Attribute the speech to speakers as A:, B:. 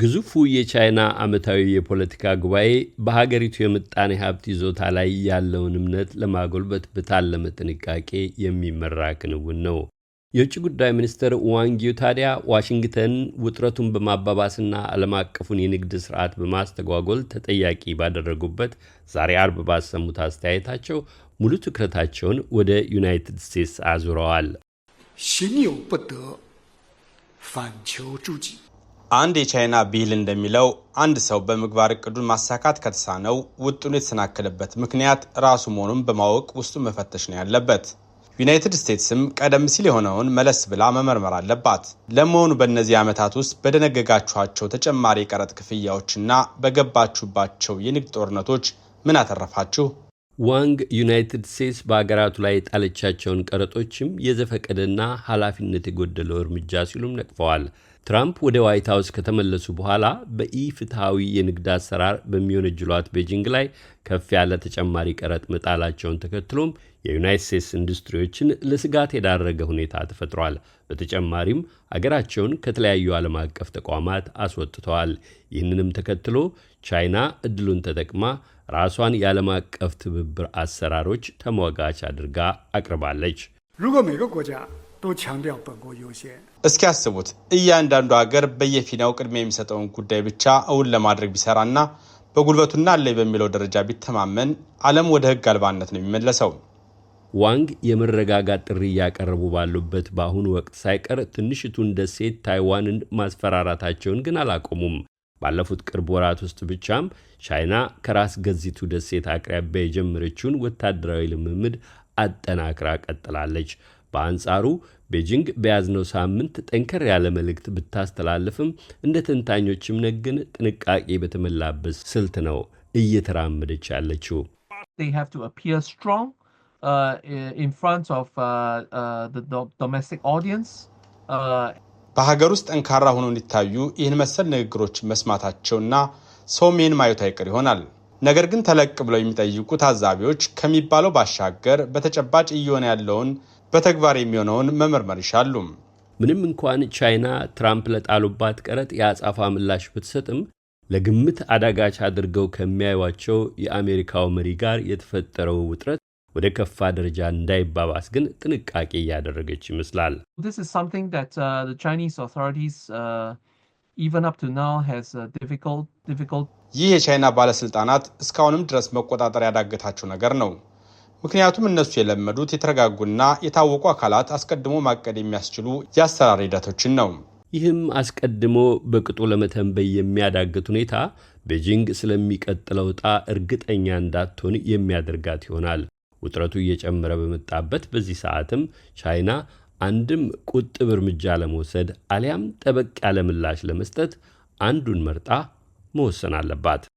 A: ግዙፉ የቻይና ዓመታዊ የፖለቲካ ጉባኤ በሀገሪቱ የምጣኔ ሀብት ይዞታ ላይ ያለውን እምነት ለማጎልበት በታለመ ጥንቃቄ የሚመራ ክንውን ነው። የውጭ ጉዳይ ሚኒስትር ዋንጊው ታዲያ ዋሽንግተን ውጥረቱን በማባባስና ዓለም አቀፉን የንግድ ስርዓት በማስተጓጎል ተጠያቂ ባደረጉበት ዛሬ አርብ ባሰሙት አስተያየታቸው ሙሉ ትኩረታቸውን ወደ ዩናይትድ ስቴትስ አዙረዋል። ሽኒው አንድ የቻይና ብሂል እንደሚለው አንድ ሰው በምግባር እቅዱን ማሳካት ከተሳነው ውጡን የተሰናከለበት ምክንያት ራሱ መሆኑን በማወቅ ውስጡን መፈተሽ ነው ያለበት። ዩናይትድ ስቴትስም ቀደም ሲል የሆነውን መለስ ብላ መመርመር አለባት። ለመሆኑ በእነዚህ ዓመታት ውስጥ በደነገጋችኋቸው ተጨማሪ የቀረጥ ክፍያዎችና በገባችሁባቸው የንግድ ጦርነቶች ምን አተረፋችሁ? ዋንግ ዩናይትድ ስቴትስ በአገራቱ ላይ የጣለቻቸውን ቀረጦችም የዘፈቀደና ኃላፊነት የጎደለው እርምጃ ሲሉም ነቅፈዋል። ትራምፕ ወደ ዋይት ሀውስ ከተመለሱ በኋላ በኢ የንግድ አሰራር በሚወነጅሏት ቤጂንግ ላይ ከፍ ያለ ተጨማሪ ቀረጥ መጣላቸውን ተከትሎም የዩናይት ስቴትስ ኢንዱስትሪዎችን ለስጋት የዳረገ ሁኔታ ተፈጥሯል። በተጨማሪም አገራቸውን ከተለያዩ ዓለም አቀፍ ተቋማት አስወጥተዋል። ይህንንም ተከትሎ ቻይና እድሉን ተጠቅማ ራሷን የዓለም አቀፍ ትብብር አሰራሮች ተሟጋች አድርጋ አቅርባለች።
B: 都强调本国优先。
A: እስኪ ያስቡት እያንዳንዱ ሀገር በየፊናው ቅድሚያ የሚሰጠውን ጉዳይ ብቻ እውን ለማድረግ ቢሰራና በጉልበቱና አለኝ በሚለው ደረጃ ቢተማመን ዓለም ወደ ሕግ አልባነት ነው የሚመለሰው። ዋንግ የመረጋጋት ጥሪ እያቀረቡ ባሉበት በአሁኑ ወቅት ሳይቀር ትንሽቱን ደሴት ታይዋንን ማስፈራራታቸውን ግን አላቆሙም። ባለፉት ቅርብ ወራት ውስጥ ብቻም ቻይና ከራስ ገዚቱ ደሴት አቅራቢያ የጀመረችውን ወታደራዊ ልምምድ አጠናክራ ቀጥላለች። በአንጻሩ ቤጂንግ በያዝነው ሳምንት ጠንከር ያለ መልእክት ብታስተላልፍም እንደ ተንታኞች ነግን ጥንቃቄ በተሞላበት ስልት ነው እየተራመደች ያለችው።
C: uh, uh,
A: uh, በሀገር ውስጥ ጠንካራ ሆኖ እንዲታዩ ይህን መሰል ንግግሮች መስማታቸውና ሰው ሜን ማየት አይቀር ይሆናል። ነገር ግን ተለቅ ብለው የሚጠይቁ ታዛቢዎች ከሚባለው ባሻገር በተጨባጭ እየሆነ ያለውን በተግባር የሚሆነውን መመርመር ይሻሉ። ምንም እንኳን ቻይና ትራምፕ ለጣሉባት ቀረጥ የአጻፋ ምላሽ ብትሰጥም ለግምት አዳጋች አድርገው ከሚያዩቸው የአሜሪካው መሪ ጋር የተፈጠረው ውጥረት ወደ ከፋ ደረጃ እንዳይባባስ ግን ጥንቃቄ እያደረገች ይመስላል።
C: uh, uh, uh,
A: ይህ የቻይና ባለሥልጣናት እስካሁንም ድረስ መቆጣጠር ያዳገታቸው ነገር ነው። ምክንያቱም እነሱ የለመዱት የተረጋጉና የታወቁ አካላት አስቀድሞ ማቀድ የሚያስችሉ የአሰራር ሂደቶችን ነው። ይህም አስቀድሞ በቅጡ ለመተንበይ የሚያዳግት ሁኔታ ቤጂንግ ስለሚቀጥለው ዕጣ እርግጠኛ እንዳትሆን የሚያደርጋት ይሆናል። ውጥረቱ እየጨመረ በመጣበት በዚህ ሰዓትም ቻይና አንድም ቁጥብ እርምጃ ለመውሰድ አሊያም ጠበቅ ያለ ምላሽ ለመስጠት አንዱን መርጣ መወሰን አለባት።